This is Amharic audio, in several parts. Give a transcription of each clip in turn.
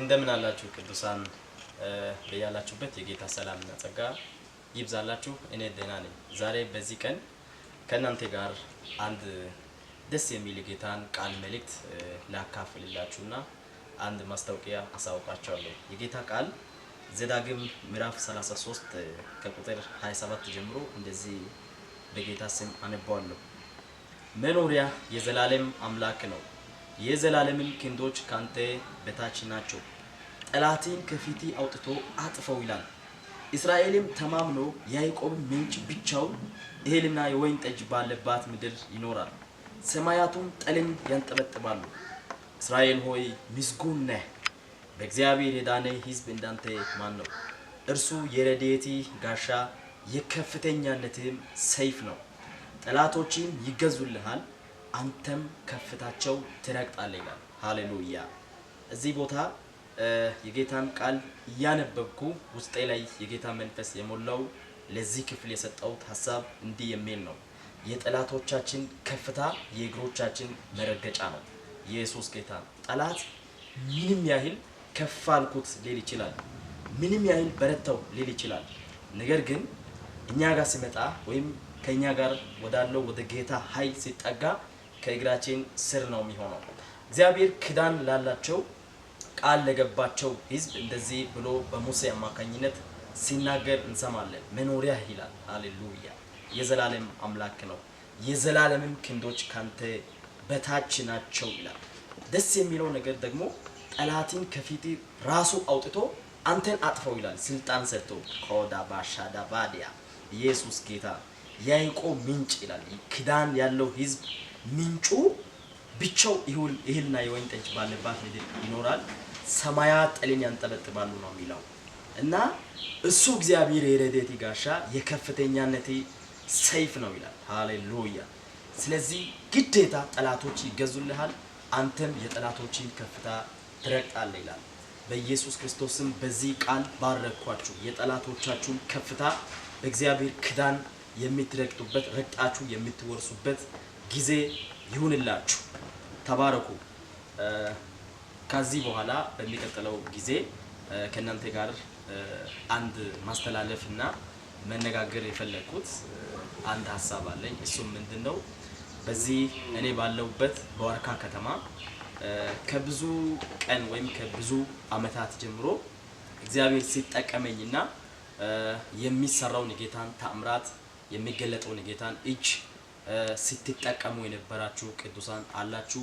እንደምን አላችሁ ቅዱሳን፣ በያላችሁበት የጌታ ሰላምና ጸጋ ይብዛላችሁ። እኔ ደህና ነኝ። ዛሬ በዚህ ቀን ከእናንተ ጋር አንድ ደስ የሚል የጌታን ቃል መልእክት ላካፍልላችሁና አንድ ማስታወቂያ አሳውቃችኋለሁ። የጌታ ቃል ዘዳግም ምዕራፍ 33 ከቁጥር 27 ጀምሮ እንደዚህ በጌታ ስም አነባዋለሁ። መኖሪያ የዘላለም አምላክ ነው የዘላለምን ክንዶች ካንተ በታች ናቸው፣ ጠላትን ከፊት አውጥቶ አጥፈው ይላል። እስራኤልም ተማምኖ ያዕቆብ ምንጭ ብቻው እህልና የወይን ጠጅ ባለባት ምድር ይኖራል። ሰማያቱም ጠልን ያንጠበጥባሉ። እስራኤል ሆይ ምስጉን ነህ። በእግዚአብሔር የዳነ ሕዝብ እንዳንተ ማን ነው? እርሱ የረድኤት ጋሻ የከፍተኛነትም ሰይፍ ነው። ጠላቶችም ይገዙልሃል። አንተም ከፍታቸው ትረግጣለህ ይላል። ሃሌሉያ። እዚህ ቦታ የጌታን ቃል እያነበብኩ ውስጤ ላይ የጌታ መንፈስ የሞላው ለዚህ ክፍል የሰጠሁት ሀሳብ እንዲህ የሚል ነው። የጠላቶቻችን ከፍታ የእግሮቻችን መረገጫ ነው። ኢየሱስ ጌታ ነው። ጠላት ምንም ያህል ከፍ አልኩት ሊል ይችላል። ምንም ያህል በረተው ሊል ይችላል። ነገር ግን እኛ ጋር ሲመጣ ወይም ከእኛ ጋር ወዳለው ወደ ጌታ ኃይል ሲጠጋ ከእግራችን ስር ነው የሚሆነው። እግዚአብሔር ክዳን ላላቸው ቃል ለገባቸው ህዝብ እንደዚህ ብሎ በሙሴ አማካኝነት ሲናገር እንሰማለን። መኖሪያ ይላል። አሌሉያ! የዘላለም አምላክ ነው። የዘላለምም ክንዶች ካንተ በታች ናቸው ይላል። ደስ የሚለው ነገር ደግሞ ጠላትን ከፊት ራሱ አውጥቶ አንተን አጥፈው ይላል። ስልጣን ሰጥቶ ኮዳ ባሻዳ ባዲያ ኢየሱስ ጌታ ያይቆ ምንጭ ይላል። ክዳን ያለው ህዝብ ምንጩ ብቻው እህልና የወይን ጠጅ ባለባት ምድር ይኖራል፣ ሰማያት ጠልን ያንጠለጥባሉ ነው የሚለው እና እሱ እግዚአብሔር የረዴቴ ጋሻ የከፍተኛነቴ ሰይፍ ነው ይላል። ሃሌሉያ! ስለዚህ ግዴታ ጠላቶች ይገዙልሃል፣ አንተም የጠላቶችን ከፍታ ትረግጣለህ ይላል። በኢየሱስ ክርስቶስም በዚህ ቃል ባረኳችሁ። የጠላቶቻችሁን ከፍታ በእግዚአብሔር ክዳን የምትረግጡበት ረግጣችሁ የምትወርሱበት ጊዜ ይሁንላችሁ። ተባረኩ። ከዚህ በኋላ በሚቀጥለው ጊዜ ከእናንተ ጋር አንድ ማስተላለፍ እና መነጋገር የፈለግኩት አንድ ሀሳብ አለኝ። እሱም ምንድን ነው? በዚህ እኔ ባለሁበት በዋርካ ከተማ ከብዙ ቀን ወይም ከብዙ ዓመታት ጀምሮ እግዚአብሔር ሲጠቀመኝና የሚሰራውን የጌታን ተአምራት የሚገለጠውን የጌታን እጅ ስትጠቀሙ የነበራችሁ ቅዱሳን አላችሁ።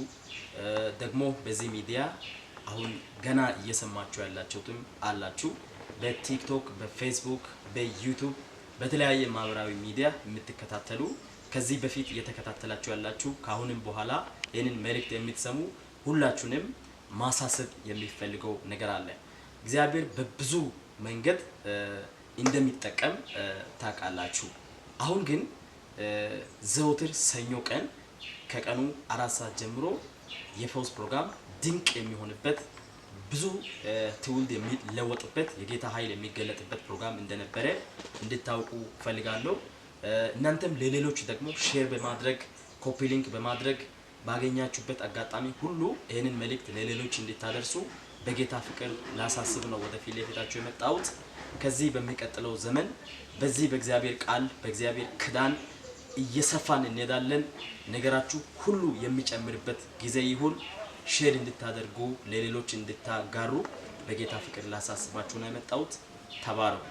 ደግሞ በዚህ ሚዲያ አሁን ገና እየሰማችሁ ያላችሁትም አላችሁ። በቲክቶክ፣ በፌስቡክ፣ በዩቱብ በተለያየ ማህበራዊ ሚዲያ የምትከታተሉ ከዚህ በፊት እየተከታተላችሁ ያላችሁ ከአሁንም በኋላ ይህንን መልእክት የምትሰሙ ሁላችሁንም ማሳሰብ የሚፈልገው ነገር አለ። እግዚአብሔር በብዙ መንገድ እንደሚጠቀም ታውቃላችሁ። አሁን ግን ዘውትር ሰኞ ቀን ከቀኑ አራት ሰዓት ጀምሮ የፈውስ ፕሮግራም ድንቅ የሚሆንበት ብዙ ትውልድ የሚለወጥበት የጌታ ኃይል የሚገለጥበት ፕሮግራም እንደነበረ እንድታውቁ ፈልጋለሁ። እናንተም ለሌሎች ደግሞ ሼር በማድረግ ኮፒ ሊንክ በማድረግ ባገኛችሁበት አጋጣሚ ሁሉ ይህንን መልእክት ለሌሎች እንድታደርሱ በጌታ ፍቅር ላሳስብ ነው ወደፊት ለፊታቸው ለፊታችሁ የመጣሁት። ከዚህ በሚቀጥለው ዘመን በዚህ በእግዚአብሔር ቃል በእግዚአብሔር ክዳን እየሰፋን እንሄዳለን። ነገራችሁ ሁሉ የሚጨምርበት ጊዜ ይሁን። ሼር እንድታደርጉ ለሌሎች እንድታጋሩ በጌታ ፍቅር ላሳስባችሁ ነው የመጣሁት። ተባረኩ።